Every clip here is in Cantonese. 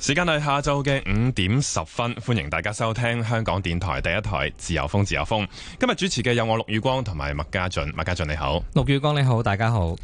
時間係下晝嘅五點十分，歡迎大家收聽香港電台第一台自由風自由風。今日主持嘅有我陸宇光同埋麥家俊，麥家俊你好，陸宇光你好，大家好。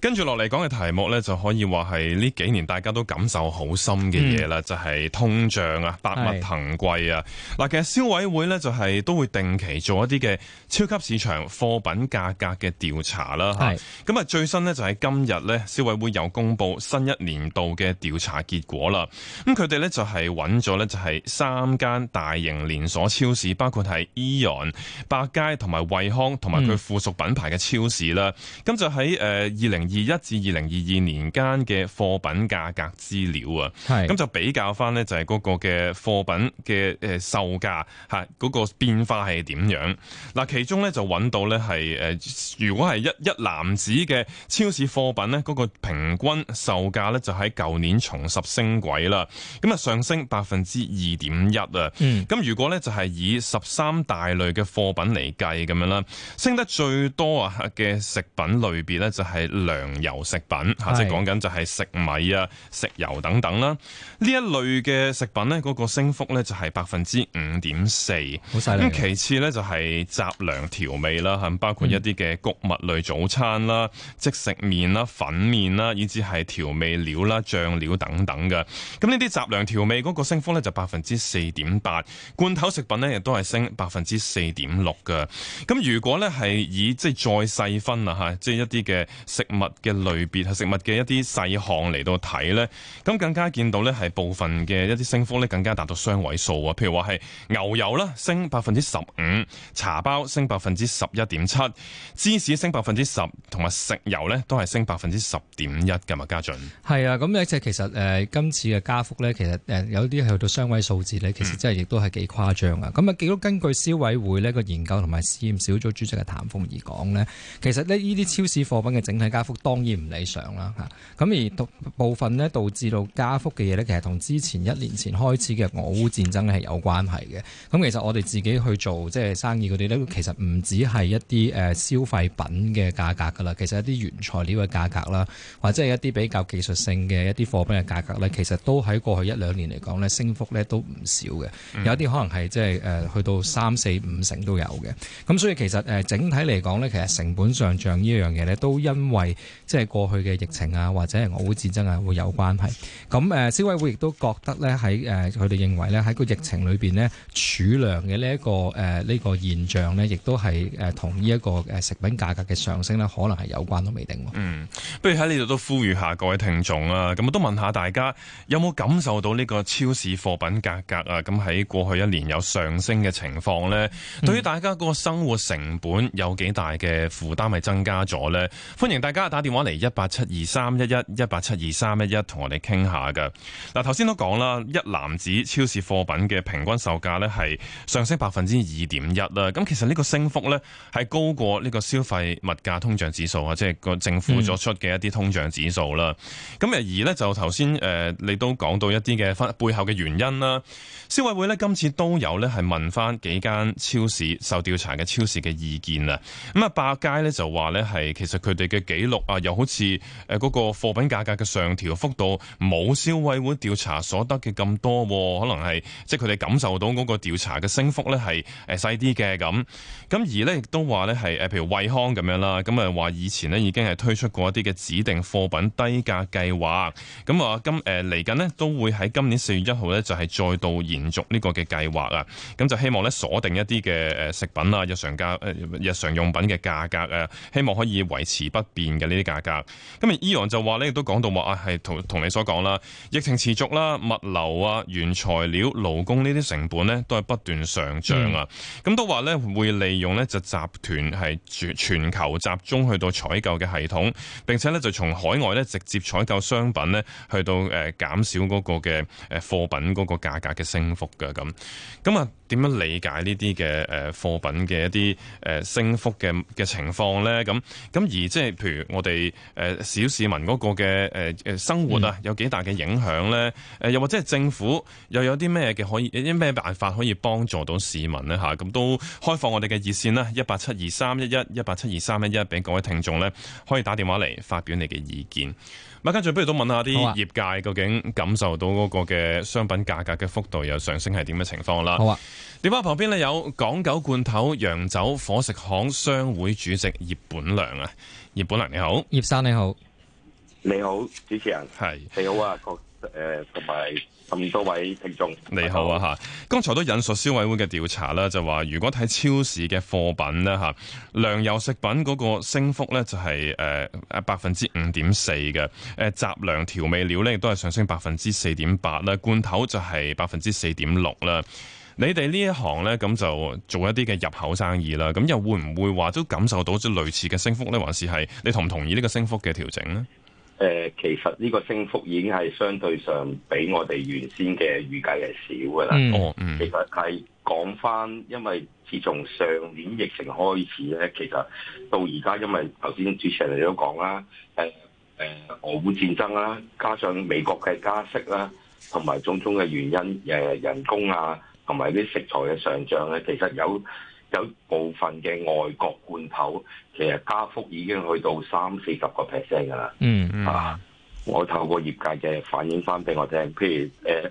跟住落嚟講嘅題目咧，就可以話係呢幾年大家都感受好深嘅嘢啦，嗯、就係、是、通脹啊、百物騰貴啊。嗱，其實消委會咧就係、是、都會定期做一啲嘅超級市場貨品價格嘅調查啦。係咁啊，最新咧就係、是、今日咧，消委會又公布新一年度嘅調查結果啦。咁佢哋咧就係揾咗咧就係、是、三間大型連鎖超市，包括係 AEON、百佳同埋惠康同埋佢附屬品牌嘅超市啦。咁、嗯、就喺誒二零。呃二一至二零二二年間嘅貨品價格資料啊，係咁就比較翻咧，就係嗰個嘅貨品嘅誒售價吓嗰個變化係點樣嗱，其中咧就揾到咧係誒如果係一一籃子嘅超市貨品咧，嗰、嗰個平均售價咧就喺舊年重拾升軌啦，咁啊上升百分之二點一啊。嗯，咁如果咧就係以十三大類嘅貨品嚟計，咁樣啦，升得最多啊嘅食品類別咧就係糧。糧油食品嚇，即係講緊就係食米啊、食油等等啦。呢一類嘅食品咧，個升幅咧就係百分之五點四。好曬，咁其次咧就係雜糧調味啦，嚇，包括一啲嘅穀物類早餐啦、嗯、即食麵啦、粉麵啦，以至係調味料啦、醬料等等嘅。咁呢啲雜糧調味嗰個升幅咧就百分之四點八，罐頭食品咧亦都係升百分之四點六嘅。咁如果咧係以即係再細分啊吓即係一啲嘅食物。嘅類別係食物嘅一啲細項嚟到睇呢，咁更加見到呢係部分嘅一啲升幅呢更加達到雙位數啊！譬如話係牛油啦，升百分之十五；茶包升百分之十一點七；芝士升百分之十，同埋食油呢都係升百分之十點一㗎嘛，家俊。係啊，咁即係其實誒，今次嘅加幅呢，其實誒有啲係去到雙位數字呢，其實真係亦都係幾誇張啊！咁、嗯、啊，記錄根據消委會呢個研究同埋試驗小組主席嘅譚鳳儀講呢，其實呢呢啲超市貨品嘅整體加幅。當然唔理想啦吓，咁而部分呢導致到加幅嘅嘢呢，其實同之前一年前開始嘅俄烏戰爭係有關係嘅。咁其實我哋自己去做即係生意嗰啲呢，其實唔止係一啲誒消費品嘅價格噶啦，其實一啲原材料嘅價格啦，或者係一啲比較技術性嘅一啲貨品嘅價格呢，其實都喺過去一兩年嚟講呢，升幅呢都唔少嘅、嗯。有啲可能係即係去到三四五成都有嘅。咁所以其實整體嚟講呢，其實成本上漲呢一樣嘢呢，都因為即係過去嘅疫情啊，或者俄烏戰爭啊，會有關係。咁誒，消委會亦都覺得咧，喺誒佢哋認為咧，喺個疫情裏邊呢，儲糧嘅呢一個誒呢、呃這個現象呢，亦都係誒同呢一個誒食品價格嘅上升呢，可能係有關都未定、啊。嗯，不如喺呢度都呼籲下各位聽眾啊，咁都問下大家有冇感受到呢個超市貨品價格啊，咁喺過去一年有上升嘅情況呢、嗯？對於大家個生活成本有幾大嘅負擔係增加咗呢？歡迎大家打電話嚟一八七二三一一一八七二三一一，同我哋傾下噶。嗱，頭先都講啦，一籃子超市貨品嘅平均售價呢係上升百分之二點一啦。咁其實呢個升幅呢係高過呢個消費物價通脹指數啊，即係個政府作出嘅一啲通脹指數啦。咁、嗯、而呢就頭先誒，你都講到一啲嘅翻背後嘅原因啦。消委會呢今次都有呢係問翻幾間超市受調查嘅超市嘅意見啊。咁啊，百佳呢就話呢係其實佢哋嘅記錄。啊，又好似誒個貨品價格嘅上調幅度冇消委會調查所得嘅咁多，可能係即係佢哋感受到嗰個調查嘅升幅咧係誒細啲嘅咁。咁而咧亦都話咧係誒譬如惠康咁樣啦，咁啊話以前咧已經係推出過一啲嘅指定貨品低價計劃，咁啊今誒嚟緊咧都會喺今年四月一號咧就係、是、再度延續呢個嘅計劃啊。咁就希望咧鎖定一啲嘅誒食品啊、日常價誒日常用品嘅價格啊，希望可以維持不變嘅。呢啲價格，咁啊，AEON 就話咧，亦都講到話啊，係同同你所講啦，疫情持續啦，物流啊、原材料、勞工呢啲成本咧，都係不斷上漲啊。咁、嗯、都話咧，會利用咧就集團係全球集中去到採購嘅系統，並且咧就從海外咧直接採購商品咧，去到誒減、呃、少嗰個嘅誒貨品嗰個價格嘅升幅嘅咁。咁啊，點樣理解呢啲嘅誒貨品嘅一啲誒、呃、升幅嘅嘅情況咧？咁咁而即、就、係、是、譬如我。我哋誒小市民嗰個嘅誒誒生活啊，有幾大嘅影響咧？誒、嗯、又或者係政府又有啲咩嘅可以，有啲咩辦法可以幫助到市民咧？嚇，咁都開放我哋嘅熱線啦，一八七二三一一一八七二三一一，俾各位聽眾咧可以打電話嚟發表你嘅意見。咪跟住不如都問，問下啲業界、啊、究竟感受到嗰個嘅商品價格嘅幅度又上升係點嘅情況啦。好啊，電話旁邊咧有港九罐頭洋酒伙食行商會主席葉本良啊，葉本良你好，葉生你好，你好，主持人係，你好啊，確誒同埋。呃咁多位聽眾，你好啊吓，剛才都引述消委會嘅調查啦，就話如果睇超市嘅貨品啦吓，糧油食品嗰個升幅咧就係誒誒百分之五點四嘅，誒雜糧調味料咧亦都係上升百分之四點八啦，罐頭就係百分之四點六啦。你哋呢一行咧，咁就做一啲嘅入口生意啦，咁又會唔會話都感受到咗類似嘅升幅咧，還是係你同唔同意呢個升幅嘅調整呢？誒，其實呢個升幅已經係相對上比我哋原先嘅預計係少噶啦、嗯哦。嗯，其實係講翻，因為自從上年疫情開始咧，其實到而家，因為頭先主持人哋都講啦，誒誒俄烏戰爭啦，加上美國嘅加息啦，同埋種種嘅原因，誒人工啊，同埋啲食材嘅上漲咧，其實有。有部分嘅外國罐頭，其實加幅已經去到三四十個 percent 㗎啦。嗯嗯，啊，我透過業界嘅反映翻俾我聽，譬如誒，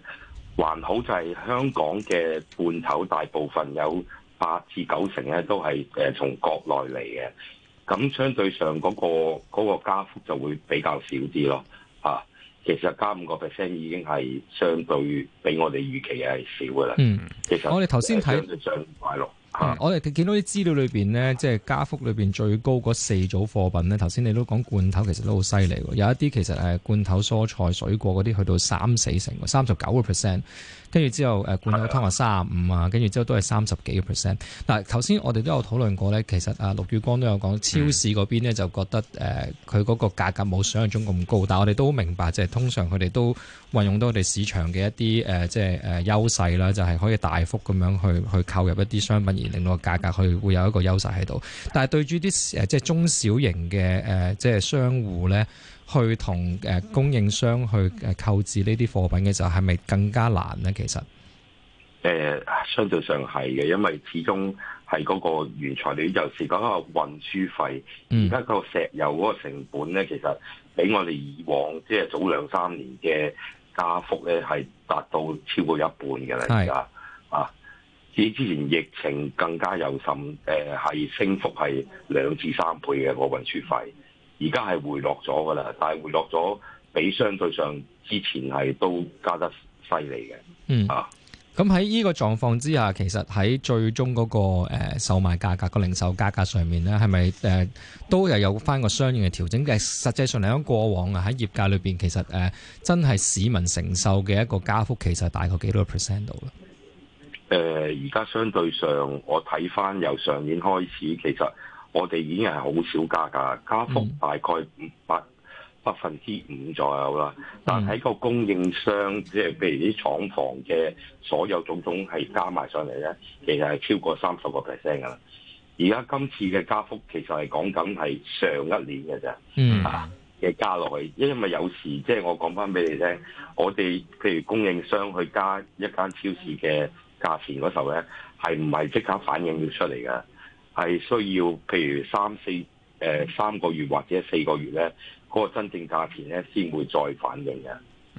還、呃、好就係香港嘅罐頭大部分有八至九成咧，都係誒從國內嚟嘅。咁相對上嗰、嗰個加、嗰個、幅就會比較少啲咯。啊，其實加五個 percent 已經係相對比我哋預期係少㗎啦。嗯，其實我哋頭先睇相快樂。啊嗯、我哋見到啲資料裏面呢，即係加幅裏面最高嗰四組貨品呢。頭先你都講罐頭其實都好犀利，有一啲其實罐頭蔬菜水果嗰啲去到三四成，三十九個 percent。跟住之後罐頭湯啊，三十五啊，跟住之後都係三十幾個 percent。嗱，頭先我哋都有討論過呢。其實啊陸宇光都有講，超市嗰邊呢，就覺得誒佢嗰個價格冇想像中咁高，但我哋都明白即係通常佢哋都運用到我哋市場嘅一啲誒、呃、即係誒、呃、優勢啦，就係、是、可以大幅咁樣去去購入一啲商品令到個價格去會有一個優勢喺度，但係對住啲誒即係中小型嘅誒即係商戶咧，去同誒供應商去購置呢啲貨品嘅時候，係咪更加難咧？其實誒相對上係嘅，因為始終係嗰個原材料就係、是、嗰個運輸費，而家個石油嗰個成本咧，其實比我哋以往即係、就是、早兩三年嘅加幅咧係達到超過一半嘅啦，而家啊。比之前疫情更加尤甚，誒、呃、係升幅係兩至三倍嘅個運輸費，而家係回落咗噶啦，但係回落咗比相對上之前係都加得犀利嘅，嗯啊，咁喺呢個狀況之下，其實喺最終嗰、那個、呃、售賣價格、個零售價格上面咧，係咪誒都又有翻個相應嘅調整？嘅實際上嚟講，過往啊喺業界裏邊，其實誒、呃、真係市民承受嘅一個加幅，其實大概幾多個 percent 度啦？誒、呃，而家相對上，我睇翻由上年開始，其實我哋已經係好少加價，加幅大概五百百分之五左右啦。但係個供應商，即、就、係、是、譬如啲廠房嘅所有種種係加埋上嚟咧，其實係超過三十個 percent 噶啦。而家今次嘅加幅其實係講緊係上一年嘅啫，嘅、嗯啊、加落去，因為有時即係、就是、我講翻俾你聽，我哋譬如供應商去加一間超市嘅價錢嗰時候咧，係唔係即刻反應要出嚟嘅？係需要譬如三四誒三個月或者四個月咧，嗰、嗰個真正價錢咧先會再反應嘅，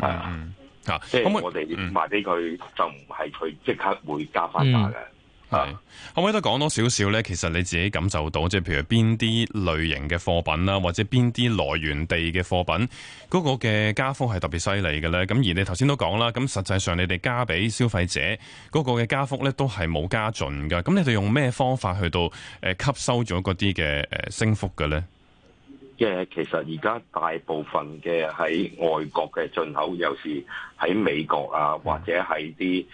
係、mm、啊 -hmm.，即、mm、係 -hmm. 我哋賣俾佢就唔係佢即刻會加翻價嘅。Mm -hmm. 係可唔可以都講多少少咧？其實你自己感受到，即係譬如邊啲類型嘅貨品啦，或者邊啲來源地嘅貨品，嗰個嘅加幅係特別犀利嘅咧。咁而你頭先都講啦，咁實際上你哋加俾消費者嗰個嘅加幅咧，都係冇加盡嘅。咁你哋用咩方法去到誒吸收咗嗰啲嘅誒升幅嘅咧？即係其實而家大部分嘅喺外國嘅進口，有時喺美國啊，或者喺啲。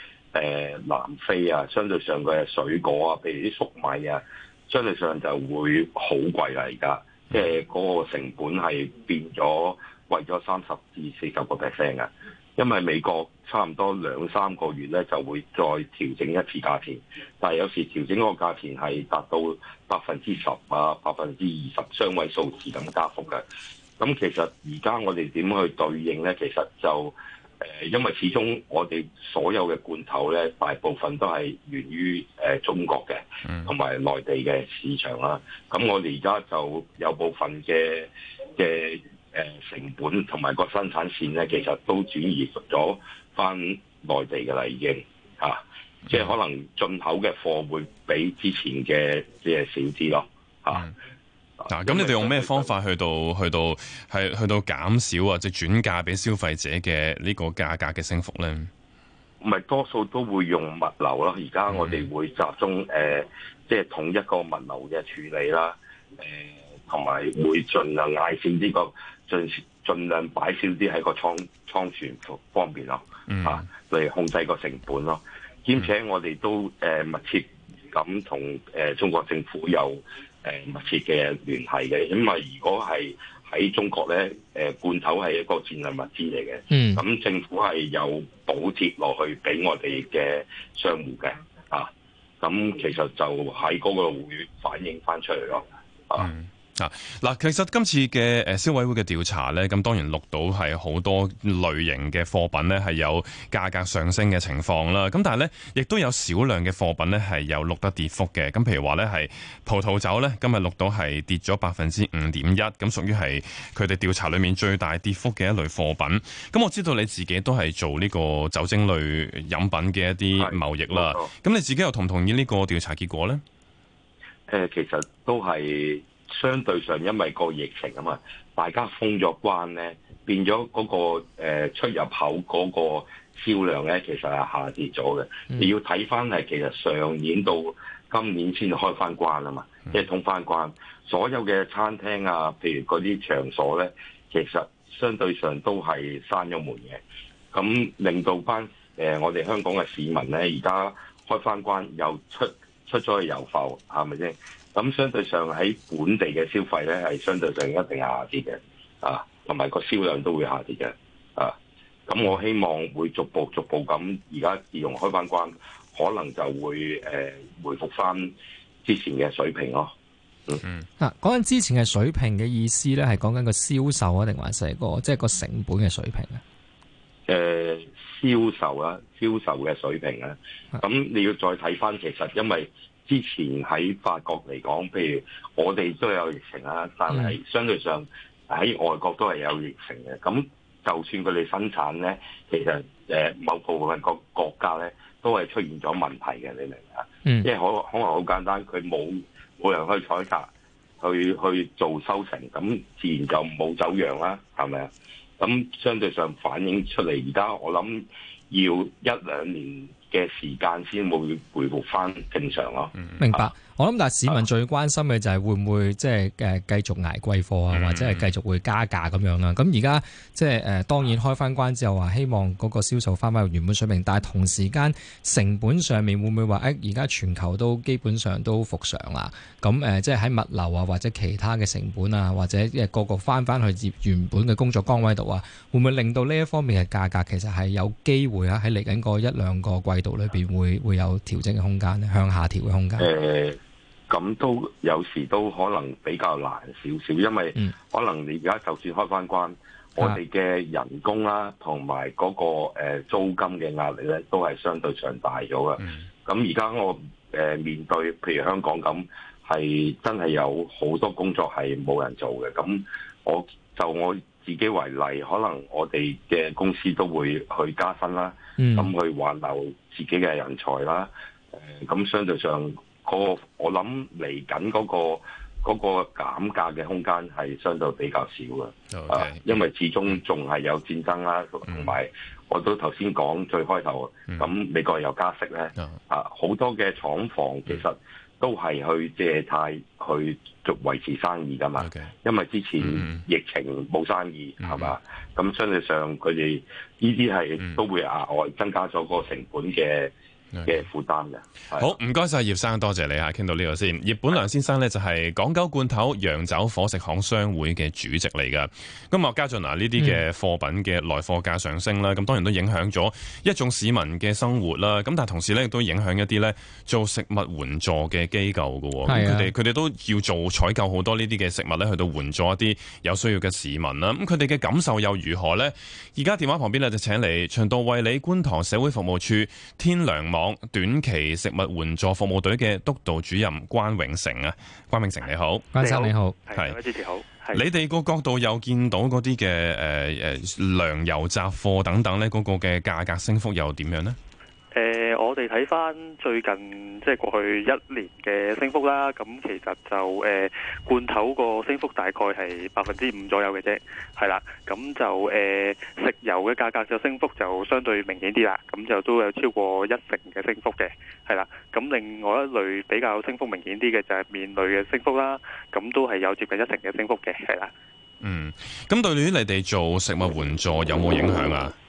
誒南非啊，相對上嘅水果啊，譬如啲粟米啊，相對上就會好貴啦。而家即係嗰個成本係變咗，為咗三十至四十個 percent 啊，因為美國差唔多兩三個月咧就會再調整一次價錢，但係有時調整嗰個價錢係達到百分之十啊、百分之二十雙位數字咁加幅嘅。咁其實而家我哋點去對應咧？其實就誒，因為始終我哋所有嘅罐頭咧，大部分都係源於誒中國嘅，同埋內地嘅市場啦。咁我哋而家就有部分嘅嘅誒成本同埋個生產線咧，其實都轉移咗翻內地㗎喇，已經嚇。即、mm. 係可能進口嘅貨會比之前嘅即係少啲咯，嚇、啊。Mm. 嗱、啊，咁你哋用咩方法去到去到係去到減少或者轉嫁俾消費者嘅呢個價格嘅升幅咧？唔係，多數都會用物流咯。而家我哋會集中誒、嗯呃，即係統一個物流嘅處理啦。誒、呃，同埋會盡量嗌少呢個盡盡量擺少啲喺個倉倉存方面咯，吓、啊、嚟控制個成本咯。兼且我哋都誒、呃、密切咁同誒中國政府有。誒密切嘅聯繫嘅，因為如果係喺中國咧，誒罐頭係一個戰略物資嚟嘅，咁、嗯、政府係有補貼落去俾我哋嘅商戶嘅，啊，咁其實就喺嗰個會反映翻出嚟咯，啊。嗯嗱，嗱，其實今次嘅、誒消委會嘅調查呢，咁當然錄到係好多類型嘅貨品呢係有價格上升嘅情況啦。咁但係呢，亦都有少量嘅貨品呢係有錄得跌幅嘅。咁譬如話呢，係葡萄酒呢，今日錄到係跌咗百分之五點一，咁屬於係佢哋調查裏面最大跌幅嘅一類貨品。咁我知道你自己都係做呢個酒精類飲品嘅一啲貿易啦。咁你自己又同唔同意呢個調查結果呢？誒，其實都係。相對上，因為個疫情啊嘛，大家封咗關咧，變咗嗰個誒出入口嗰個銷量咧，其實係下跌咗嘅、嗯。你要睇翻係，其實上年到今年先開翻關啊嘛，即、嗯、係通翻關，所有嘅餐廳啊，譬如嗰啲場所咧，其實相對上都係閂咗門嘅。咁令到翻誒，我哋香港嘅市民咧，而家開翻關又出出咗去遊埠，係咪先？咁相對上喺本地嘅消費咧，係相對上一定下跌嘅，啊，同埋個銷量都會下跌嘅，啊，咁我希望會逐步逐步咁，而家自用開翻關，可能就會誒、呃、回復翻之前嘅水平咯。嗯嗯，嗱、啊，講緊之前嘅水平嘅意思咧，係講緊個銷售啊，定還是個即係個成本嘅水平咧？誒，銷售啊，銷售嘅水平啊。咁你要再睇翻，其實因為。之前喺法國嚟講，譬如我哋都有疫情啦，但係相對上喺外國都係有疫情嘅。咁就算佢哋生產咧，其實某部分各國國家咧都係出現咗問題嘅，你明唔明啊？嗯，因為可可能好簡單，佢冇冇人去採摘，去去做收成，咁自然就冇走樣啦，係咪啊？咁相對上反映出嚟，而家我諗要一兩年。嘅時間先會回復翻正常咯、啊。明白，啊、我諗，但市民最關心嘅就係會唔會即係誒繼續捱貴貨啊，嗯、或者係繼續會加價咁樣啦。咁而家即係誒當然開翻關之後話、啊，希望嗰個銷售翻翻去原本水平，但係同時間成本上面會唔會話誒，而、哎、家全球都基本上都復常啦、啊。咁即係喺物流啊或者其他嘅成本啊，或者即個個個翻翻去接原本嘅工作崗位度啊，會唔會令到呢一方面嘅價格其實係有機會啊？喺嚟緊嗰一兩個季度裏邊會會有調整嘅空間咧，向下調嘅空間。誒、呃，咁都有時都可能比較難少少，因為可能你而家就算開翻關，嗯、我哋嘅人工啦、啊，同埋嗰個誒租金嘅壓力咧，都係相對上大咗嘅，咁而家我誒面對，譬如香港咁，係真係有好多工作係冇人做嘅。咁我就我自己為例，可能我哋嘅公司都會去加薪啦。咁、嗯、去挽留自己嘅人才啦，咁相對上、嗰個，我嗰個我諗嚟緊嗰個嗰個減價嘅空間係相對比較少嘅，Okay. 因為始終仲係有戰爭啦，同、嗯、埋我都頭先講最開頭，咁、嗯、美國有加息呢，啊、嗯，好多嘅廠房其實。都係去借貸去做維持生意㗎嘛，Okay. 因為之前疫情冇生意係嘛，咁相對上佢哋呢啲係都會額外增加咗個成本嘅。嘅負擔嘅，好唔該晒葉生，多謝，謝你呀，傾到呢度先。葉本良先生呢，就係、是、港九罐頭洋酒伙食行商會嘅主席嚟㗎。咁啊，家俊嗱，呢啲嘅貨品嘅來貨價上升啦，咁、嗯、當然都影響咗一眾市民嘅生活啦。咁但係同時呢，亦都影響一啲呢做食物援助嘅機構嘅。咁佢哋佢哋都要做採購好多呢啲嘅食物呢，去到援助一啲有需要嘅市民啦。咁佢哋嘅感受又如何呢？而家電話旁邊呢，就請嚟循道衛理觀塘社會服務處天糧。講短期食物援助服務隊嘅督導主任關永成啊，關永成你好，關生你好，係，你好，關你好，你哋個角度又見到嗰啲嘅誒誒糧油雜貨等等咧，嗰、嗰個嘅價格升幅又點樣咧？睇翻最近即係、就是、過去一年嘅升幅啦，咁其實就誒、呃、罐頭個升幅大概係百分之五左右嘅啫，係啦，咁就誒食、呃、油嘅價格就升幅就相對明顯啲啦，咁就都有超過一成嘅升幅嘅，係啦，咁另外一類比較升幅明顯啲嘅就係麵類嘅升幅啦，咁都係有接近一成嘅升幅嘅，係啦，嗯，咁對於你哋做食物援助有冇影響啊？嗯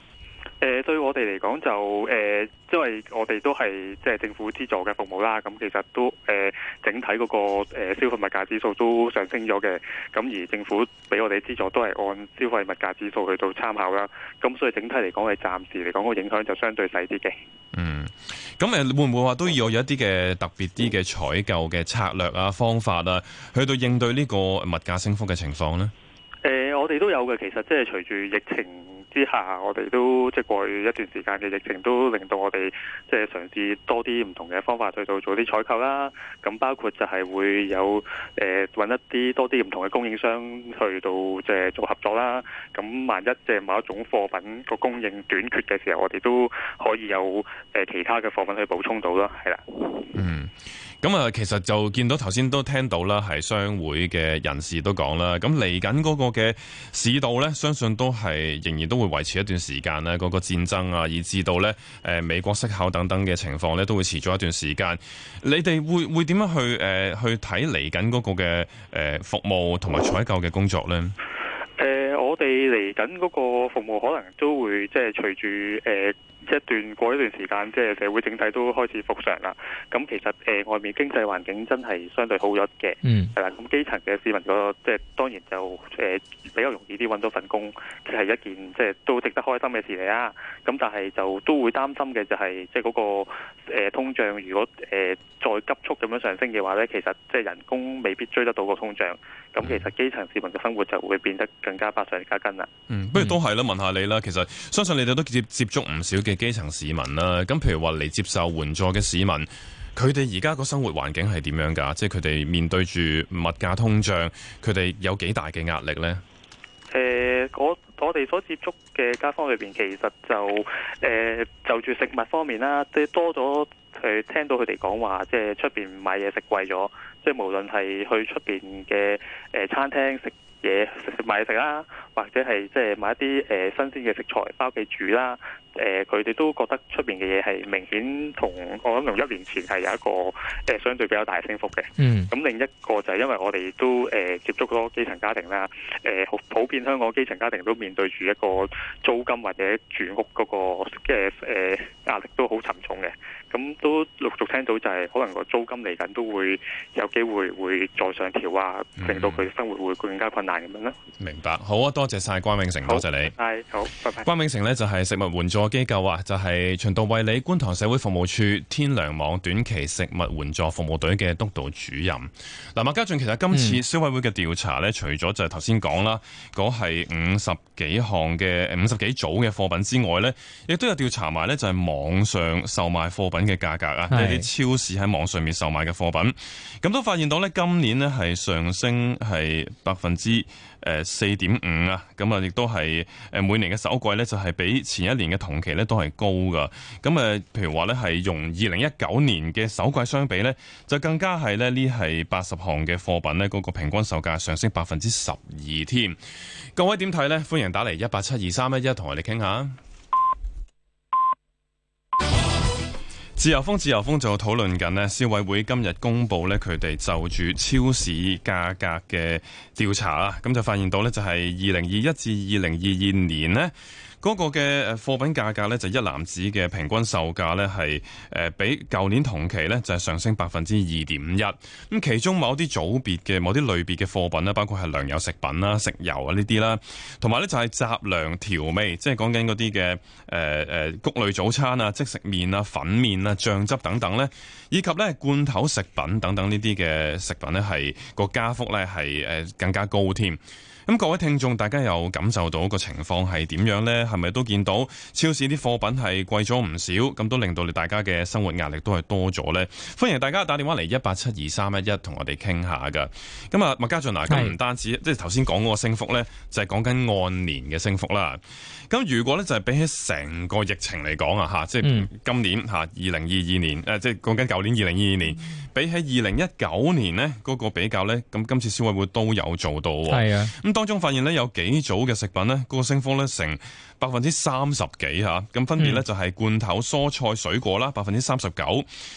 誒，對我哋嚟講就誒，因為我哋都係即係政府資助嘅服務啦，咁其實都誒整體嗰個誒消費物價指數都上升咗嘅，咁而政府俾我哋資助都係按消費物價指數去做參考啦，咁所以整體嚟講，係暫時嚟講個影響就相對細啲嘅。嗯，咁誒會唔會話都要有一啲嘅特別啲嘅採購嘅策略啊、方法啊，去到應對呢個物價升幅嘅情況呢？誒、呃，我哋都有嘅，其實即係隨住疫情。之下，我哋都即係，過去一段時間嘅疫情，都令到我哋即係嘗試多啲唔同嘅方法去到做啲採購啦。咁包括就係會有誒、揾、呃、一啲多啲唔同嘅供應商去到即係做合作啦。咁萬一即係某一種貨品個供應短缺嘅時候，我哋都可以有誒、呃、其他嘅貨品去補充到啦。係啦，嗯。咁啊，其實就見到頭先都聽到啦，係商會嘅人士都講啦，咁嚟緊嗰個嘅市道呢，相信都係仍然都會維持一段時間啦，嗰個戰爭啊，以至到呢誒美國息口等等嘅情況呢，都會持續一段時間。你哋會會點樣去誒、呃、去睇嚟緊嗰個嘅誒、呃、服務同埋採購嘅工作呢誒、呃、我哋嚟緊嗰個服務可能都會即係隨住誒一段過一段時間，即係社會整體都開始復常啦。咁其實誒外面經濟環境真係相對好咗嘅，係、嗯、啦。咁基層嘅市民個即係當然就誒比較容易啲揾到份工，其實係一件即係都值得開心嘅事嚟啊。咁但係就都會擔心嘅就係即係嗰個誒通脹，如果誒再急速咁樣上升嘅話咧，其實即係人工未必追得到個通脹。咁其實基層市民嘅生活就會變得更加百上加斤啦。嗯，不如都係啦，問下你啦。其實相信你哋都接接觸唔少嘅。基層市民啦，咁譬如話嚟接受援助嘅市民，佢哋而家個生活環境係點樣噶？即係佢哋面對住物價通脹，佢哋有幾大嘅壓力呢？誒、呃，我哋所接觸嘅街坊裏邊，其實就誒、呃、就住食物方面啦，即係多咗佢聽到佢哋講話，即係出邊買嘢食貴咗，即係無論係去出邊嘅誒餐廳食嘢、買嘢食啦，或者係即係買一啲誒新鮮嘅食材返屋企煮啦。誒佢哋都覺得出邊嘅嘢係明顯同我諗，從一年前係有一個誒、呃、相對比較大嘅升幅嘅。嗯，咁另一個就係因為我哋都誒、呃、接觸多基層家庭啦，誒、呃、普遍香港基層家庭都面對住一個租金或者住屋嗰個嘅誒壓力都好沉重嘅。咁都陸續聽到就係可能個租金嚟緊都會有機會會再上調啊、嗯，令到佢生活會更加困難咁樣啦。明白，好啊，多謝晒關永成，多謝你。係，好，拜拜。關永成咧就係食物援助。機構啊，就係、是、循道衛理觀塘社會服務處天糧網短期食物援助服務隊嘅督導主任。嗱、啊，麥家俊，其實今次消委會嘅調查咧、嗯，除咗就係頭先講啦，嗰係五十幾項嘅五十幾組嘅貨品之外咧，亦都有調查埋咧就係網上售賣貨品嘅價格啊，啲、就是、超市喺網上面售賣嘅貨品，咁都發現到咧今年呢係上升係百分之。誒四點五啊，咁啊亦都係每年嘅首季呢，就係比前一年嘅同期呢都係高㗎。咁啊，譬如話呢，係用二零一九年嘅首季相比呢，就更加係呢，呢係八十項嘅貨品呢，嗰個平均售價上升百分之十二添。各位點睇呢？歡迎打嚟一八七二三一一同我哋傾下。自由風，自由風就討論緊呢。消委會今日公布呢，佢哋就住超市價格嘅調查啦，咁就發現到就是2021呢就係二零二一至二零二二年呢。嗰、那個嘅誒貨品價格咧，就是、一籃子嘅平均售價咧，係誒比舊年同期咧就係、是、上升百分之二點五一。咁其中某啲組別嘅某啲類別嘅貨品咧，包括係糧油食品啦、食油啊呢啲啦，同埋咧就係雜糧調味，即係講緊嗰啲嘅誒谷類早餐啊、即食麵啊、粉麵啊、醬汁等等咧，以及咧罐頭食品等等呢啲嘅食品咧，係個加幅咧係更加高添。咁各位聽眾，大家有感受到個情況係點樣呢？係咪都見到超市啲貨品係貴咗唔少，咁都令到你大家嘅生活壓力都係多咗呢？歡迎大家打電話嚟一八七二三一一，同我哋傾下噶。咁啊，麥家俊嗱，咁唔單止即係頭先講嗰個升幅呢，就係講緊按年嘅升幅啦。咁如果呢，就係比起成個疫情嚟講啊，吓，即係今年吓二零二二年，誒、嗯，即係講緊舊年二零二二年，比起二零一九年呢，嗰個比較呢，咁今次消委會都有做到，係啊，當中發現咧有幾組嘅食品呢，嗰、嗰個升幅呢成百分之三十幾嚇，咁分別呢，就係罐頭、蔬菜、水果啦，百分之三十九；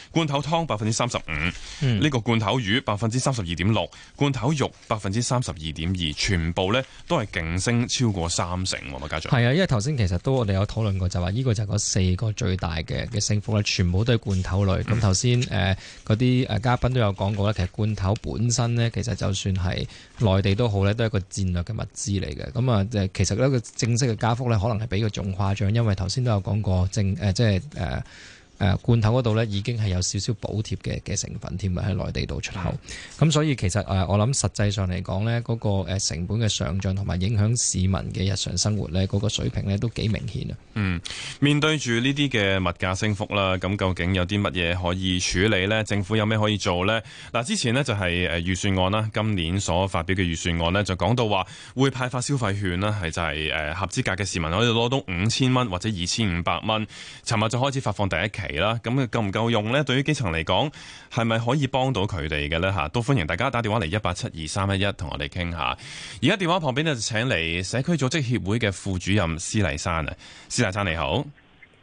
罐頭湯百分之三十五；呢、嗯呢個罐頭魚百分之三十二點六；罐頭肉百分之三十二點二，全部呢都係勁升超過三成喎，馬家俊。係啊，因為頭先其實都我哋有討論過，就話、是、呢個就係嗰四個最大嘅嘅升幅咧，全部都係罐頭類。咁頭先誒嗰啲誒嘉賓都有講過咧，其實罐頭本身呢，其實就算係內地都好呢都係一個戰嘅物資嚟嘅，咁啊，即係其實呢個正式嘅加幅咧，可能係比佢仲誇張，因為頭先都有講過正，誒、呃，即係誒。呃誒罐頭嗰度咧已經係有少少補貼嘅嘅成分添啊，喺內地度出口。咁所以其實誒，我諗實際上嚟講呢嗰個成本嘅上漲同埋影響市民嘅日常生活呢，嗰個水平呢都幾明顯啊。嗯，面對住呢啲嘅物價升幅啦，咁究竟有啲乜嘢可以處理呢？政府有咩可以做呢？嗱，之前呢就係誒預算案啦，今年所發表嘅預算案呢，就講到話會派發消費券啦，係就係誒合資格嘅市民可以攞到五千蚊或者二千五百蚊。尋日就開始發放第一期。嚟啦，咁佢夠唔夠用呢？對於基層嚟講，係咪可以幫到佢哋嘅呢？吓，都歡迎大家打電話嚟一八七二三一一，同我哋傾下。而家電話旁邊呢就請嚟社區組織協會嘅副主任施麗珊啊，施麗珊你好，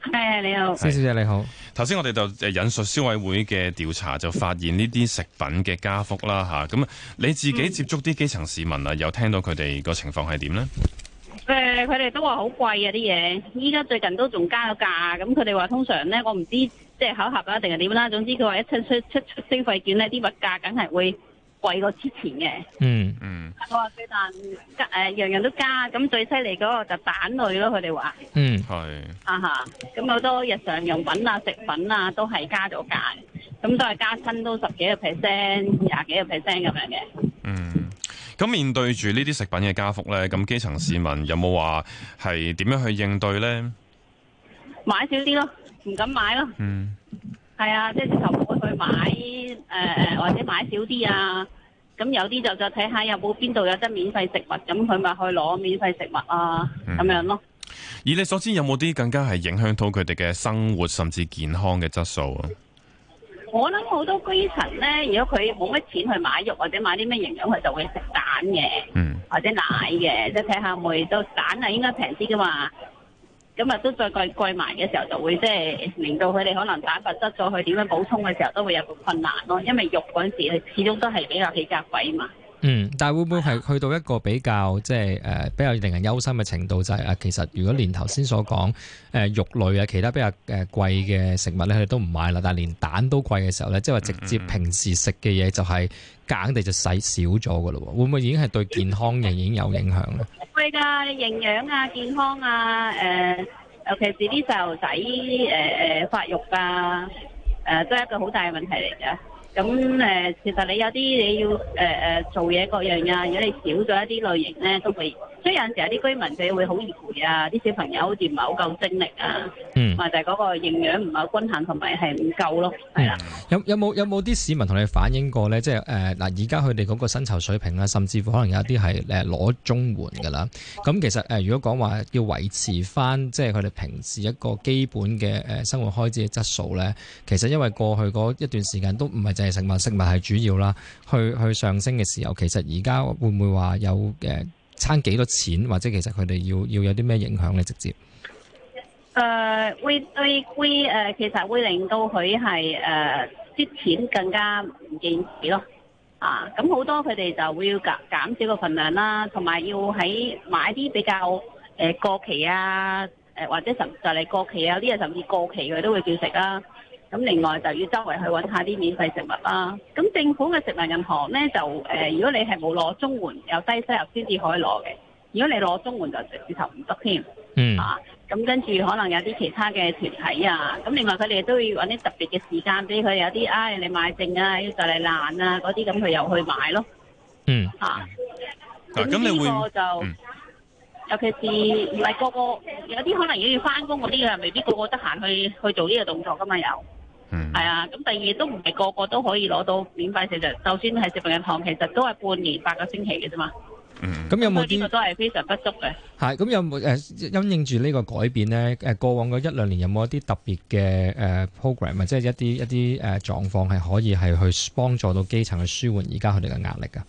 係你好，施小姐你好。頭先我哋就引述消委會嘅調查，就發現呢啲食品嘅加幅啦，吓，咁你自己接觸啲基層市民啊，有聽到佢哋個情況係點呢？誒、嗯，佢、嗯、哋都話好貴啊啲嘢，依家最近都仲加咗價，咁佢哋話通常咧，我唔知即係巧合啊定係點啦，總之佢話一出出出出消費券呢啲物價梗係會貴過之前嘅。嗯嗯。我話佢但加誒樣樣都加，咁最犀利嗰個就蛋類咯，佢哋話。嗯係。哈哈，咁、uh、好 -huh, 多日常用品啊、食品啊都係加咗價，咁都係加親都十幾個 percent、廿幾個 percent 咁樣嘅。嗯。咁面對住呢啲食品嘅加幅呢，咁基層市民有冇話係點樣去應對呢？買少啲咯，唔敢買咯。嗯，係啊，即係直頭唔會去買誒、呃，或者買少啲啊。咁有啲就再睇下有冇邊度有得免費食物，咁佢咪去攞免費食物啊，咁、嗯、樣咯。以你所知，有冇啲更加係影響到佢哋嘅生活甚至健康嘅質素？啊？我諗好多基層咧，如果佢冇乜錢去買肉或者買啲咩營養，佢就會食蛋嘅，或者奶嘅，即係睇下會都蛋啊，應該平啲噶嘛。咁啊，都再貴貴埋嘅時候，就會即係令到佢哋可能蛋白質再去點樣補充嘅時候，都會有個困難咯，因為肉嗰陣時始終都係比較起價貴嘛。嗯，但係會唔會係去到一個比較即係誒比較令人憂心嘅程度，就係、是、啊，其實如果連頭先所講誒、呃、肉類啊，其他比較誒貴嘅食物咧，佢哋都唔買啦，但係連蛋都貴嘅時候咧，即係話直接平時食嘅嘢就係、是、硬地就使少咗噶咯，會唔會已經係對健康仍然有影響咧？會㗎，營養啊，健康啊，誒、呃，尤其是啲細路仔誒誒發育啊，誒、呃，都係一個好大嘅問題嚟噶。咁誒、呃，其實你有啲你要誒誒、呃、做嘢各樣啊，如果你少咗一啲類型咧，都會。所以有陣時啲居民佢會好易攰啊，啲小朋友好似唔係好夠精力啊，同埋就係嗰個營養唔係均衡同埋係唔夠咯。係啦，有有冇有冇啲市民同你反映過咧？即係誒嗱，而家佢哋嗰個薪酬水平咧，甚至乎可能有一啲係誒攞綜援噶啦。咁其實誒，如果講話要維持翻即係佢哋平時一個基本嘅誒生活開支嘅質素咧，其實因為過去嗰一段時間都唔係淨係食物食物係主要啦，去去上升嘅時候，其實而家會唔會話有誒？差幾多錢，或者其實佢哋要要有啲咩影響咧？直接誒會對會誒，其實會令到佢係誒啲錢更加唔見底咯。啊，咁好多佢哋就會要減減少個份量啦，同埋要喺買啲比較誒、uh, 過期啊，誒或者甚就嚟過期啊啲嘢，甚至過期佢都會照食啦、啊。咁另外就要周圍去揾下啲免費食物啦。咁政府嘅食物銀行咧就、呃、如果你係冇攞綜援又低收入先至可以攞嘅。如果你攞綜援就直頭唔得添。嗯。咁跟住可能有啲其他嘅團體啊，咁另外佢哋都要揾啲特別嘅時間俾佢有啲啊、哎、你買剩要啊要就嚟爛啊嗰啲咁佢又去買咯。嗯。咁、啊、呢、啊、個就你會、嗯、尤其是唔係個個有啲可能要返工嗰啲啊，未必個個得閒去去做呢個動作㗎嘛又。係、嗯、啊，咁第二都唔係個個都可以攞到免費食嘅，就算係食品銀行，其實都係半年八個星期嘅啫嘛。嗯，咁有冇啲都係非常不足嘅。係，咁有冇誒因應住呢個改變咧，誒過往嗰一兩年有冇一啲特別嘅 program 啊，即係一啲一啲誒狀況係可以係去幫助到基層去舒緩而家佢哋嘅壓力㗎？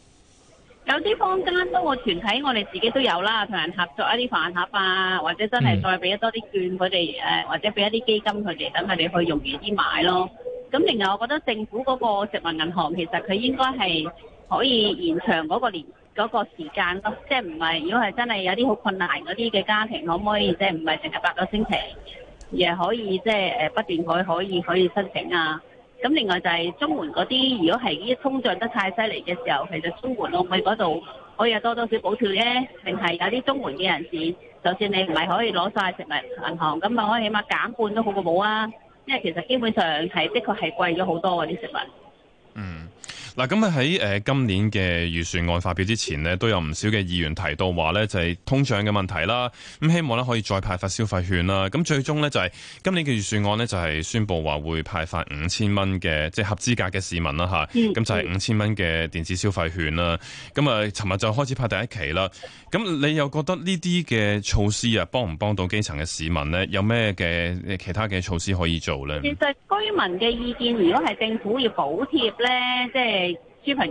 有啲坊間都個團體，我哋自己都有啦，同人合作一啲飯盒啊，或者真係再俾多啲券佢哋，誒或者俾一啲基金佢哋，等佢哋去容易啲買咯。咁另外，我覺得政府嗰個食物銀行其實佢應該係可以延長嗰個年嗰、嗰個時間咯，即係唔係？如果係真係有啲好困難嗰啲嘅家庭，可唔可以即係唔係成日八個星期，亦可以即係誒不斷去可以可以，可以申請啊？咁另外就係中門嗰啲，如果係呢啲通脹得太犀利嘅時候，其實中門落去嗰度可以有多多少補貼呢，定係有啲中門嘅人士，就算你唔係可以攞曬食物銀行，咁可以起碼減半都好過冇啊，因為其實基本上係的確係貴咗好多嗰啲食物。嗱，咁啊喺今年嘅預算案發表之前呢，都有唔少嘅議員提到話呢，就係通脹嘅問題啦。咁希望呢可以再派發消費券啦。咁最終呢，就係今年嘅預算案呢，就係宣布話會派發五千蚊嘅即係合資格嘅市民啦吓，咁、嗯、就係五千蚊嘅電子消費券啦。咁啊，尋日就開始派第一期啦。咁你又覺得呢啲嘅措施啊，幫唔幫到基層嘅市民呢？有咩嘅其他嘅措施可以做呢？其實居民嘅意見，如果係政府要補貼咧，即係支平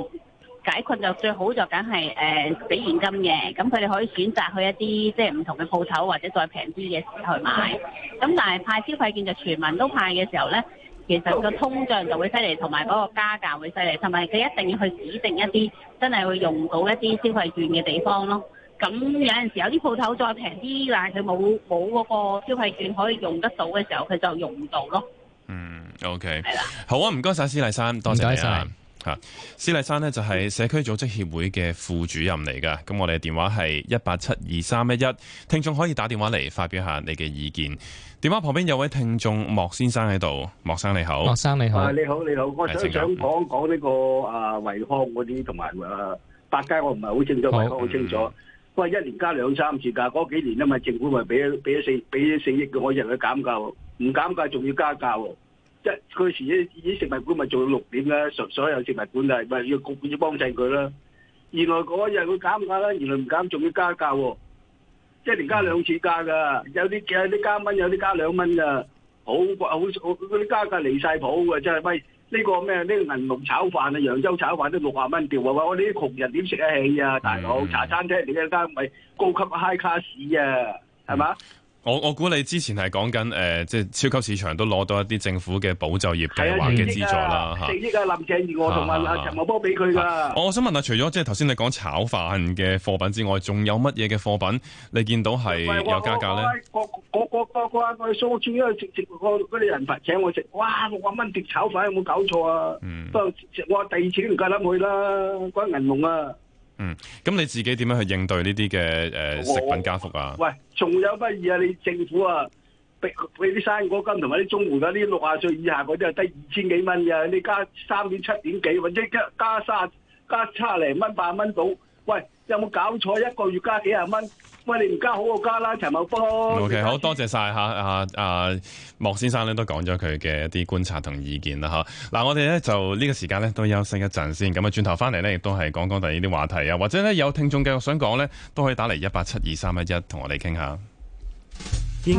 解困就最好就梗係誒俾現金嘅，咁佢哋可以選擇去一啲即係唔同嘅鋪頭或者再平啲嘅嘢去買。咁但係派消費券就全民都派嘅時候咧，其實個通脹就會犀利，同埋嗰個加價會犀利，甚至係佢一定要去指定一啲真係會用到一啲消費券嘅地方咯。咁有陣時有啲鋪頭再平啲，但係佢冇冇嗰個消費券可以用得到嘅時候，佢就用唔到咯。嗯，OK，係啦，好啊，唔該曬施麗珊，多謝曬。哈，施麗珊呢，就係社區組織協會嘅副主任嚟噶，咁我哋嘅電話係一八七二三一一，聽眾可以打電話嚟發表下你嘅意見。電話旁邊有位聽眾莫先生喺度，莫先生你好，莫先生你好、啊、你好，你好你好，我想講講呢個啊維康嗰啲同埋啊百佳，我唔係好清楚維康好清楚，喂，嗯、一年加兩三次價，嗰幾年啊嘛，政府咪俾俾咗四俾咗四億嘅，我入去減價，唔減價仲要加價。即嗰時啲啲食物館咪做到六點啦，所所有食物館就係咪要局管要幫襯佢啦？原來嗰日佢減價啦，原來唔減仲要加價喎、哦！即係連加兩次價㗎，有啲有啲加蚊，有啲加兩蚊㗎，好貴好嗰啲加價離晒譜㗎，真係喂，呢個咩？呢個銀龍炒飯啊，揚州炒飯都六啊蚊條喎，我呢啲窮人點食得起啊？大佬，、嗯、茶餐廳你一間咪高級 high class 啊，係、嗯、嘛？是我我估你之前係講緊誒，即係超級市場都攞到一啲政府嘅保就業計劃嘅資助啦。係啊，正林鄭月娥同埋啊陳茂波俾佢噶。我想問下，除咗即係頭先你講炒飯嘅貨品之外，仲有乜嘢嘅貨品你見到係有加價咧？我我我我我我我去蘇村嗰度啲人發請我食，哇六百蚊碟炒飯有冇搞錯啊？不過我第二次都唔夠膽去啦，嗰啲銀龍啊！嗯，咁你自己點樣去應對呢啲嘅誒食品加幅啊？喂，仲有乜嘢啊？你政府啊，俾俾啲生果金同埋啲綜援嗰啲六十歲以下嗰啲啊，低二千幾蚊嘅，你加三點七點幾，或者加30，加加七零蚊八蚊到，喂，有冇搞錯？一個月加幾十蚊？喂，你唔加好我加啦，陳茂波。OK，好、嗯、多謝晒。嚇、啊啊，莫先生咧都講咗佢嘅一啲觀察同意見啦嗱、啊，我哋咧就呢個時間咧都休息一陣先。咁啊，轉頭翻嚟咧，亦都係講講第二啲話題啊。或者咧，有聽眾繼續想講咧，都可以打嚟一八七二三一一，同我哋傾下。